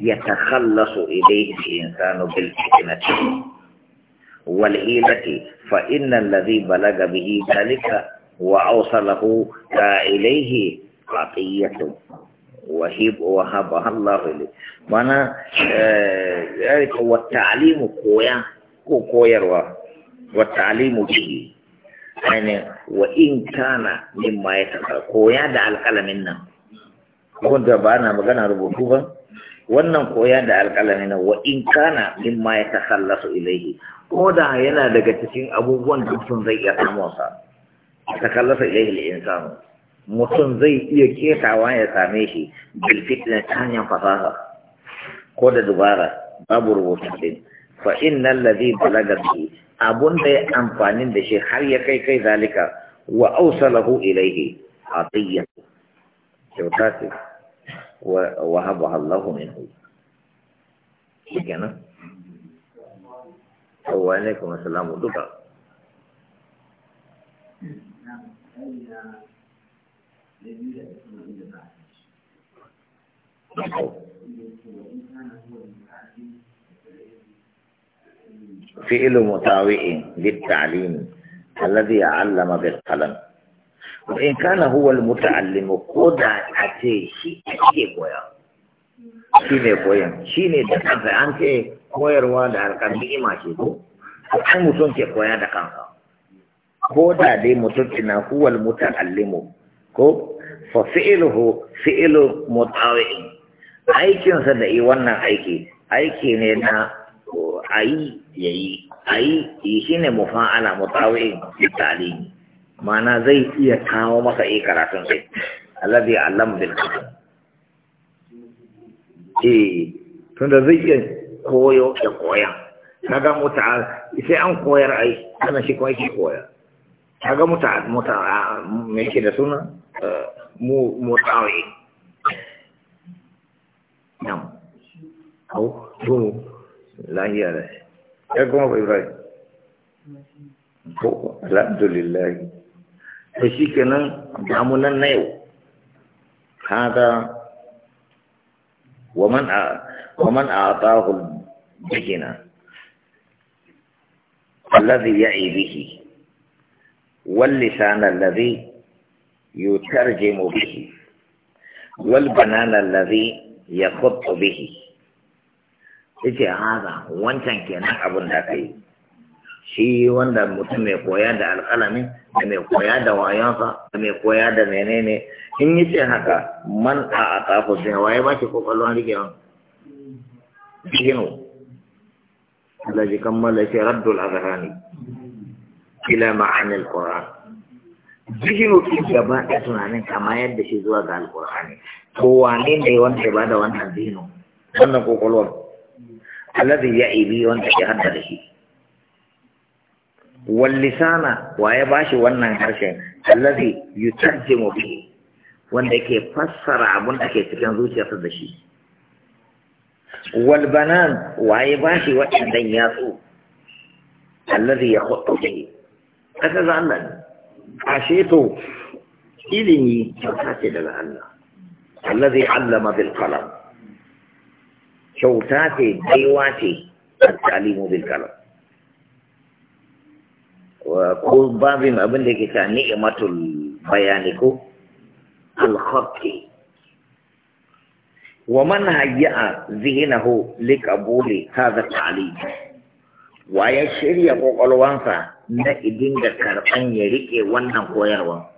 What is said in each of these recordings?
يتخلص إليه الإنسان بالحكمة والهيلة فإن الذي بلغ به ذلك وأوصله إليه عطية وهب وهبها الله إليه معنى ذلك هو التعليم كويا كويروا والتعليم به يعني وإن كان مما يتخلص كويا دع القلم منه كنت بأنا مغانا ربوتوها wannan koya da alƙalami na wa in kana mimma ya tasallasu ilaihi ko da yana daga cikin abubuwan da mutum zai iya samunsa ya ilaihi samu, mutum zai iya ketawa ya same shi bil ta fasaha ko da dubara babu rubutu din fa innal ladhi balaga bihi abun da ya amfani da shi har ya kai kai zalika wa awsalahu ilaihi atiyya kyauta ce وهبها الله منه كنا وعليكم السلام ودكا فعل متاوئ للتعليم الذي علم بالقلم in kana huwa almuta'allimu ko da a ce shi ake koya shi ne koyan shi ne da kansa an ce koyarwa da harkar ni'ima ce ko an mutum ke koya da kansa ko da dai mutum ina huwa almuta'allimu ko fa fi'luhu fi'lu mutawi'in sa da i wannan aiki aiki ne na ayi yayi ayi shi ne mufa'ala mutawi'in ta'alimi mana zai iya kawo maka yi eh, karatun sai alladhi allama bil qalam ke eh, tunda zai iya koyo da koya kaga muta sai an koyar ai kana shi kuma koya kaga muta muta me yake da suna eh, mu mutawi nam au to lahiya da ya kuma bai bai ko alhamdulillah to shi kenan damunan na yau kada man a waman a atahul jikina alladhi ya'i na wal lisan alladhi yutarjimu bihi wal banana alladhi yakhutu bihi yace haza wancan kenan abun da yi. shi wanda mutum mai koya da alƙalamin da mai koya da wayonsa da mai koya da menene in yi ce haka man a a tafi sai waye ba shi kokwallon rike wa alaji kammala malafi raddul azhani ila ma'anil qur'an jihinu ki gaba da tunanin kama yadda shi zuwa ga alqur'ani ko wane ne wanda ba da wannan jihinu wannan kokwallon alladhi ya'ibi wanda ya hadda da shi wallisana wa ya bashi wannan harshen allazi yutarjimu bi wanda yake fassara abun da ke cikin zuciyarsa da shi wal banan wa ya bashi waɗannan yatsu allazi ya bihi kaga za zanna ne ashe to ilimi kyauta ce daga Allah allazi allama bil qalam kyauta ce dai ce al alimu bil qalam ko babin abin da ke ta ni'matul bayani ko alkhatti wa man hayya zihnahu liqabuli hadha ta'lim wa ya shirya kokolwansa na idin da karban ya rike wannan koyarwa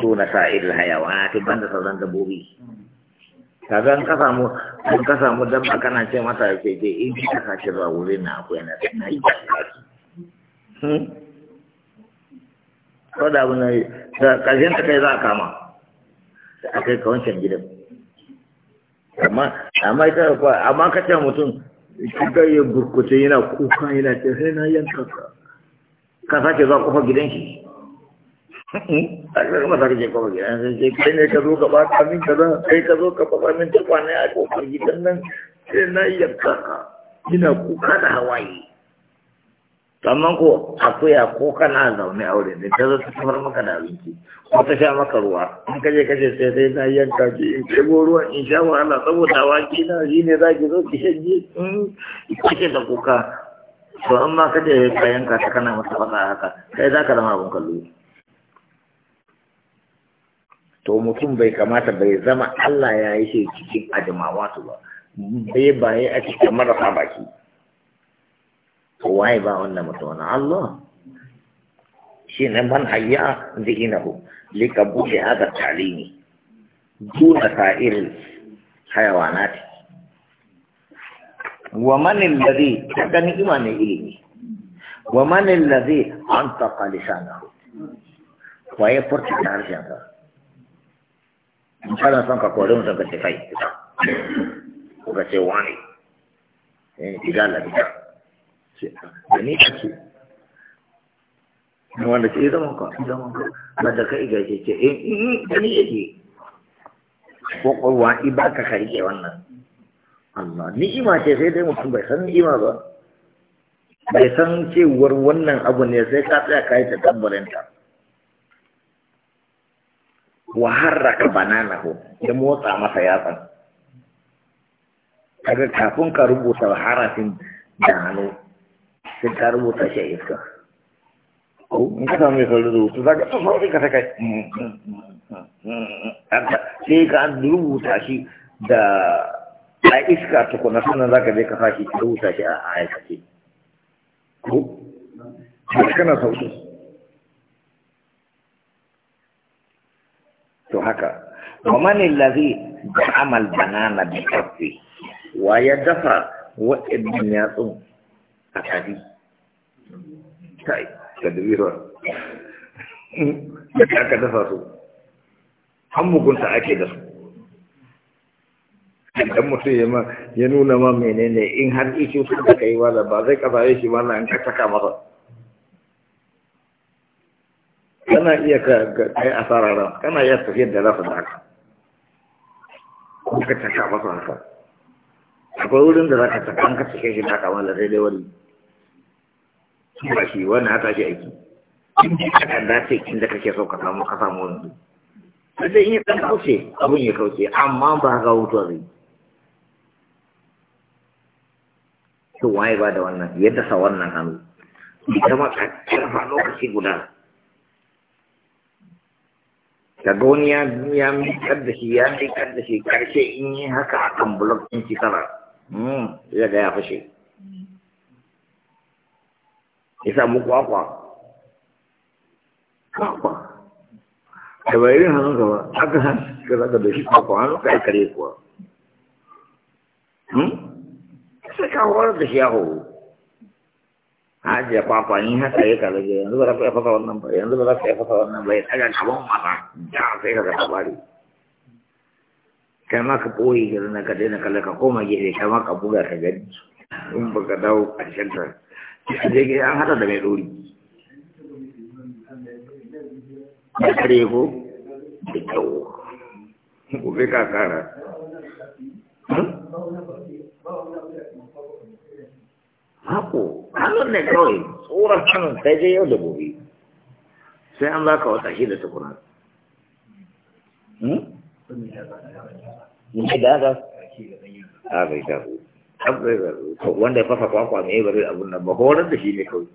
to na sa'il hayawa ta banda sauran dabobi kaga an ka samu an ka samu dabba kana ce masa sai dai in ka kace ba wurin na akwai na sai Hmm? ko da abu na yi ƙarshen ta kai za a kama da a kai kawancin gidan amma amma ita amma ce mutum ga ya burkuta yana kuka yana ce sai na yanka ka ce sake zuwa kofar gidan shi a kuma masa kace kofar gidan sai ce kai ne ka zo ka bata min ka za kai ka zo ka bata min tukwane a kofar gidan nan sai na yanka ka yana kuka da hawaye amma ko akuya ko kana zaune a wurin da ta zo ta kamar maka da abinci ko ta sha maka ruwa in ka je ce sai dai na yanka ji in go ruwan in sha wahala saboda waki na shi ne za ki zo ki ji in kike da kuka to amma ma ka je ka yanka ta kana masa faɗa haka kai za ka zama abin kallo to mutum bai kamata bai zama Allah ya yi shi cikin ajamawa ba bai baye a cikin marasa baki waye ba wannan mutum na Allah shi ne man hayya zihinahu likabuli hada ta'limi duna sa'ir hayawanat wa man alladhi takani imani ilimi wa man alladhi antaqa lisanahu waye furta harshenka in kana son ka kore mutum ka ce kai ka ce wani eh tigala tigala ce da ni ake wanda ce zama ka zama ka ba da kai ga ce ce eh, in eh, eh, da ni yake kwakwalwa i ba ka karke wannan Allah ni'ima ce sai dai mutum bai san ni'ima ba bai san cewar wannan abu ne sai ka tsaya ka yi ta tabbarinta wa harraka ku. ya motsa masa yatsan kaga kafin ka rubuta harafin da hannu sai ka rubuta shi a iska in ka samu yasar rubutu za ka tsasa ka saka sai ka rubuta shi da a iska tukuna sannan za ka je ka fashi rubuta shi a aikace ko kana sauki to haka ومن الذي دعم البنان بكفه ويدفع وإبن يطوم a tafi kai ka dubi ruwa ka aka dafa su an mugunta ake da su idan mutum ya ma ya nuna ma menene in har ishi su da kai wala ba zai kafa shi wala an kakkaka masa kana iya ka kai asara ran kana iya tafiyar da rafa da haka ko ka taka masa haka akwai wurin da za ka taka an ka tafi shi da haka wala sai dai wani ba shi wannan haka shi aiki in ji takarda ce inda kake so ka samu ka samu yanzu sai in ya ɗan kauce abun ya kauce amma ba haka hutu zai to waye ba da wannan yadda sa wannan hannu kama ka karfa lokaci guda daga wani ya ya mikar da shi ya mikar da shi karshe in yi haka akan blok ɗin shi kara hmm, ya ga ya fashe ya samu kwakwa kwakwa da bai rin hannun ka ba aka ka zaka da shi kwakwa hannun ka kare kuwa hmm? sai ka horar da shi ya horo hajiya kwakwa ni haka ya kaza ke yanzu ba za ka fasa wannan ba yanzu ba za ka fasa wannan ba ya tsaga gaban masa ya sai ka ga tabari kai ma ka ɓoye gidan ka daina kalle ka koma gefe kai ma ka buga ka gani in ba ka dawo ƙarshen ta an hada da mai ɗori ya kare da kyau gobe ka kara haku hmm? hannun ne kawai tsoron hannun sai je yau da gobe sai an za ka wata shi da tukuna hmm? ne da a bai shafu wanda ya fasa kwakwa mai bari abun nan ba horar da shi ne kawai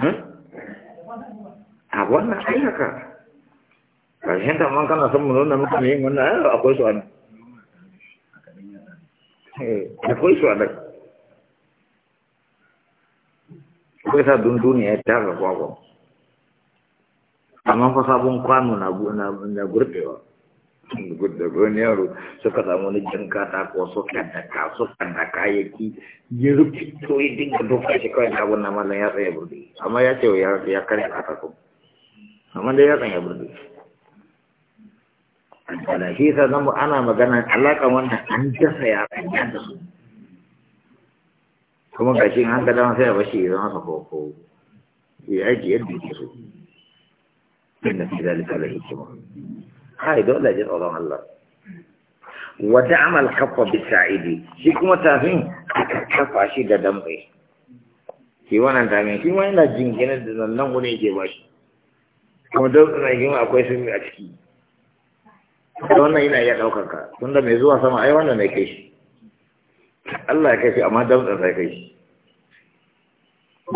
hmm? a wannan ayyaka ƙarshen ta man kana son mu nuna muku ne wannan ayyaka akwai su anan eh, akwai su anan akwai sa dunduniya ya tara kwakwa amma fa sabon kwano na gurɗewa da wani yaro suka samu wani jan katako suka daka suka daka yaki ya rufe to ya dinga doka shi kawai na abun na ya tsaye burdi amma ya ce ya karya katako amma dai ya tsaye burdi da shi sa zan ana magana alaƙa wannan an dasa ya ya da su kuma ga shi an gada sai ya bashi ya zama ko ya aiki yadda ke so inda fi zalika la hikima kai dole ji tsoron Allah wa da'amal kafa idi, shi kuma tafin kafa shi da dambe shi wannan tafin shi ma yana jingina da nan wani yake ba shi kuma don suna yi akwai sun a ciki da wannan yana iya ɗaukaka. ka tun da mai zuwa sama ai wannan mai kai shi Allah ya kai shi amma don tsarsa kai shi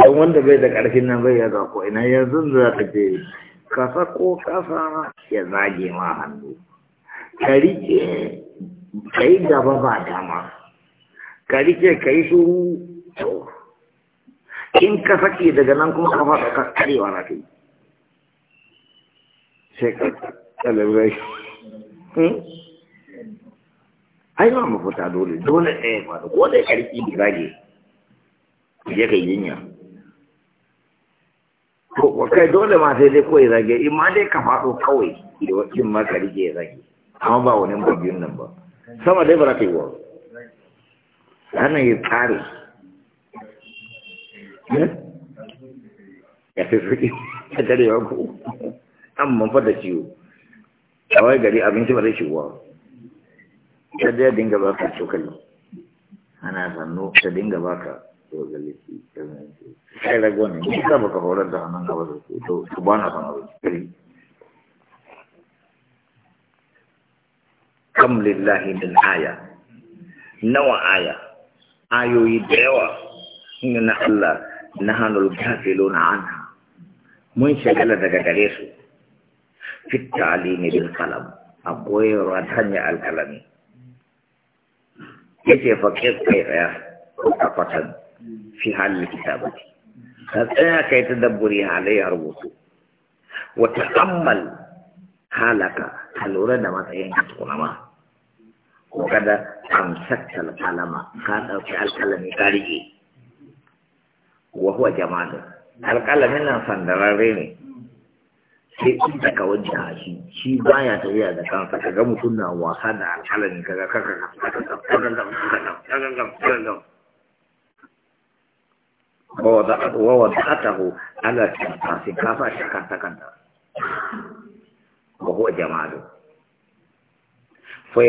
don wanda bai da ƙarfin nan bai ya ga ko ina yanzu za ka je ka sako kasa ya zage ma hannu ka rike ka yi gaba ba dama ka rike ka yi shuru in ka sake daga nan kuma ka faɗa ka karewa na kai sai ka ɗalibai hmm? ai ma mafuta dole dole ɗaya ba ko da ƙarfi da zage je ka yi jinya ko kai dole ma sai dai kawai zage in ma dai ka faɗo kawai da wakil ma ka rike zage amma ba wani babiyun nan ba sama dai ba za ka yi wa ana ya tsari eh? ya fi fi ta ya ku an manfa da ciwo kawai gari abinci ba zai wa? ta dai dinga ba ka cokali ana sannu ta dinga ba ka cokali kai rago ne ni da baka horar da hannun gaba da ku to su ba na san abu kiri kam lillahi min aya nawa aya ayoyi da yawa na Allah na hannun na anha mun shagala daga gare su fit ta'alimi bil qalam a koyarwa ta hanyar alkalami yace fa kai tsaya a fatan fi halin kitabati ka tsaya ka yi tadabburi halayya rubutu wa ta'ammal halaka ka lura da matsayin ka tukuna ma ko kada amsakta alƙalama ka ɗauki alƙalami ka rike jama'a alƙalamin nan sandararre ne sai in da ka wajen shi shi baya tafiya da kansa ka ga mutum na wasa da alƙalami ka ga kaka kaka kaka kaka kaka kaka kaka kaka wa ala tafasi kafa shakan takanta wa huwa jamadu fa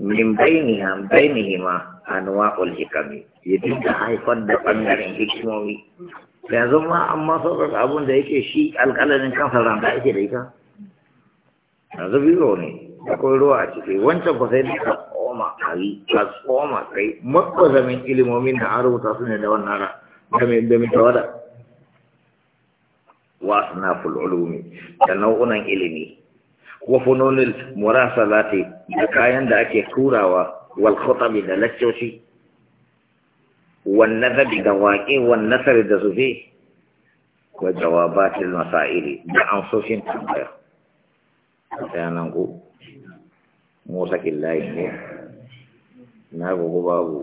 min bainiha bainihima anwa'ul hikami yadda haifar da bangaren hikimomi yanzu ma amma sauran abun da yake shi alƙalarin kansa ranta yake da ita yanzu biro ne akwai ruwa a ciki wancan ba sai da koma kai, yi ka koma kai makwazamin ilimomin da an rubuta su ne da wannan ra da mai da mai tawada wa asnaful ulumi da nau'unan ilimi wa fununil murasalati da kayan da ake turawa wal khutabi da lakcoci Wannan nadabi da waƙe wan nasar da zufe wa jawabatil masaili da amsoshin tambaya bayanan ku musa killahi ne na gugu babu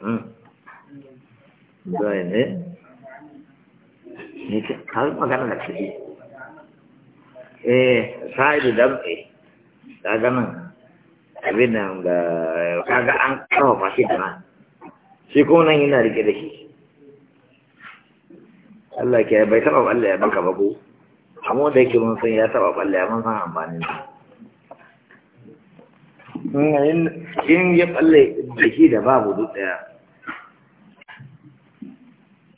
hmm. zai ne nike har magana da ciki eh sa'idu damɗe ta ganin abin nan da ga an karfafa shi da nan shi kuma nan yana rike da shi Allah ke bai taɓa balle ya baka ba ko amma da yake mun san ya taɓa balle ya mun san amfani sa in ya tsalle da shi da babu duk ɗaya.